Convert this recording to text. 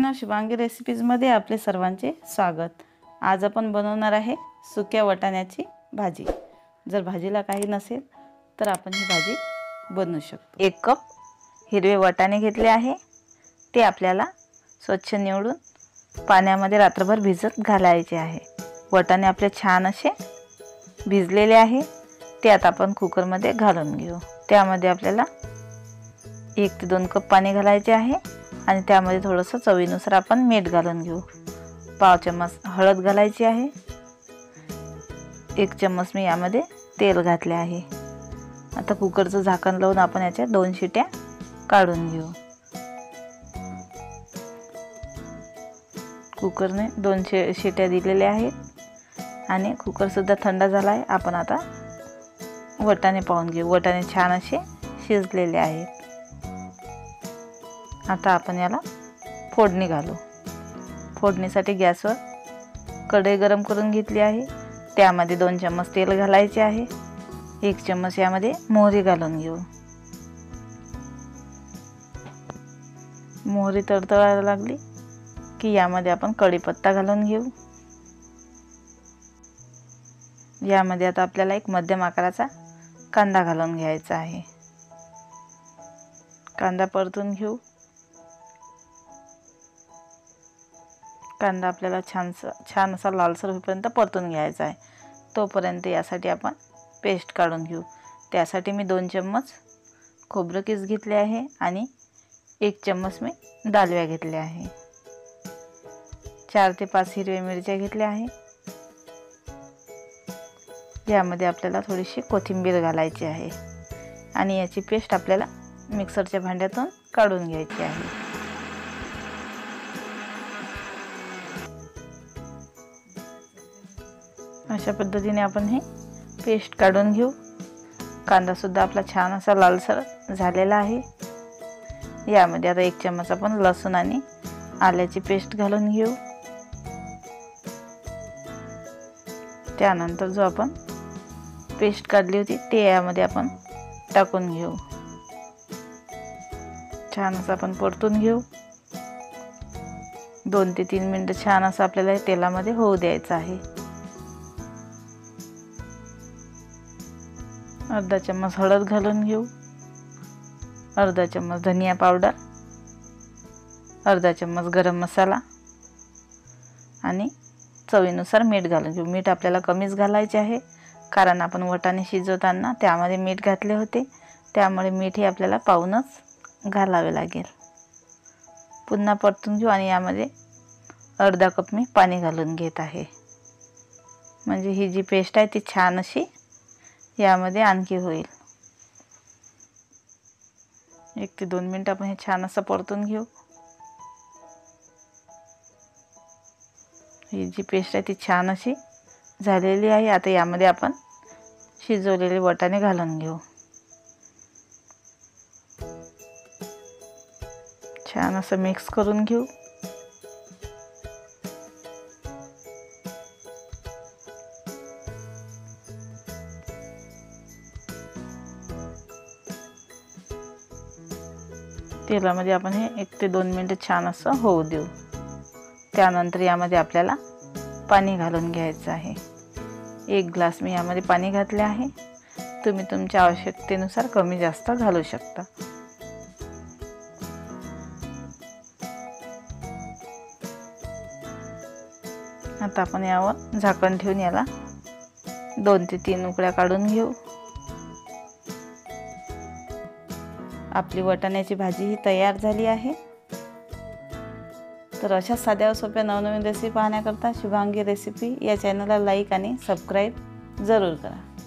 ना शुभांगी रेसिपीजमध्ये आपले सर्वांचे स्वागत आज आपण बनवणार आहे सुक्या वटाण्याची भाजी जर भाजीला काही नसेल तर आपण ही भाजी बनवू शकतो एक कप हिरवे वटाणे घेतले आहे ते आपल्याला स्वच्छ निवडून पाण्यामध्ये रात्रभर भिजत घालायचे आहे वटाणे आपले छान असे भिजलेले आहे ते आता आपण कुकरमध्ये घालून घेऊ त्यामध्ये आपल्याला एक ते दोन कप पाणी घालायचे आहे आणि त्यामध्ये थोडंसं चवीनुसार आपण मीठ घालून घेऊ पाव चम्मच हळद घालायची आहे एक चम्मच मी यामध्ये तेल घातले आहे आता कुकरचं झाकण लावून आपण याच्या दोन शिट्या काढून घेऊ कुकरने दोन शे शिट्या दिलेल्या आहेत आणि कुकरसुद्धा थंड झाला आहे आपण आता वटाने पाहून घेऊ वटाने छान असे शिजलेले आहेत आता आपण याला फोडणी घालू फोडणीसाठी गॅसवर कढई गरम करून घेतली आहे त्यामध्ये दोन चम्मच तेल घालायचे आहे एक चम्मच यामध्ये मोहरी घालून घेऊ मोहरी तडतळायला लागली की यामध्ये आपण कढीपत्ता घालून घेऊ यामध्ये आता आपल्याला एक मध्यम आकाराचा कांदा घालून घ्यायचा आहे कांदा परतून घेऊ कांदा आपल्याला छानसा छान असा लालसर होईपर्यंत परतून घ्यायचा आहे तोपर्यंत यासाठी आपण पेस्ट काढून घेऊ त्यासाठी मी दोन चम्मच खोबरं किस घेतले आहे आणि एक चम्मच मी दालव्या घेतल्या आहे चार ते पाच हिरव्या मिरच्या घेतल्या आहे यामध्ये आपल्याला थोडीशी कोथिंबीर घालायची आहे आणि याची पेस्ट आपल्याला मिक्सरच्या भांड्यातून काढून घ्यायची आहे अशा पद्धतीने आपण हे पेस्ट काढून घेऊ कांदासुद्धा आपला छान असा लालसर झालेला आहे यामध्ये आता एक चम्मच आपण लसूण आणि आल्याची पेस्ट घालून घेऊ त्यानंतर जो आपण पेस्ट काढली होती ते यामध्ये आपण टाकून घेऊ छान असं आपण परतून घेऊ दोन ते तीन मिनटं छान असं आपल्याला तेलामध्ये होऊ द्यायचं आहे अर्धा चम्मच हळद घालून घेऊ अर्धा चम्मच धनिया पावडर अर्धा चम्मच गरम मसाला आणि चवीनुसार मीठ घालून घेऊ मीठ आपल्याला कमीच घालायचे आहे कारण आपण वटाने शिजवताना त्यामध्ये मीठ घातले होते त्यामुळे मीठ हे आपल्याला पाहूनच घालावे लागेल पुन्हा परतून घेऊ आणि यामध्ये अर्धा कप मी पाणी घालून घेत आहे म्हणजे ही जी पेस्ट आहे ती छान अशी यामध्ये आणखी होईल एक ते दोन मिनटं आपण हे छान असं परतून घेऊ ही जी पेस्ट आहे ती छान अशी झालेली आहे आता यामध्ये आपण शिजवलेले वटाणे घालून घेऊ छान असं मिक्स करून घेऊ तेलामध्ये आपण हे एक ते दोन मिनटं छान असं होऊ देऊ त्यानंतर यामध्ये आपल्याला पाणी घालून घ्यायचं आहे एक ग्लास मी यामध्ये पाणी घातले आहे तुम्ही तुमच्या आवश्यकतेनुसार कमी जास्त घालू शकता आता आपण यावर झाकण ठेवून याला दोन ते तीन उकड्या काढून घेऊ आपली वटाण्याची भाजी ही तयार झाली आहे तर अशा साध्या सोप्या नवनवीन रेसिपी पाहण्याकरता शुभांगी रेसिपी या चॅनलला लाईक आणि सबस्क्राईब जरूर करा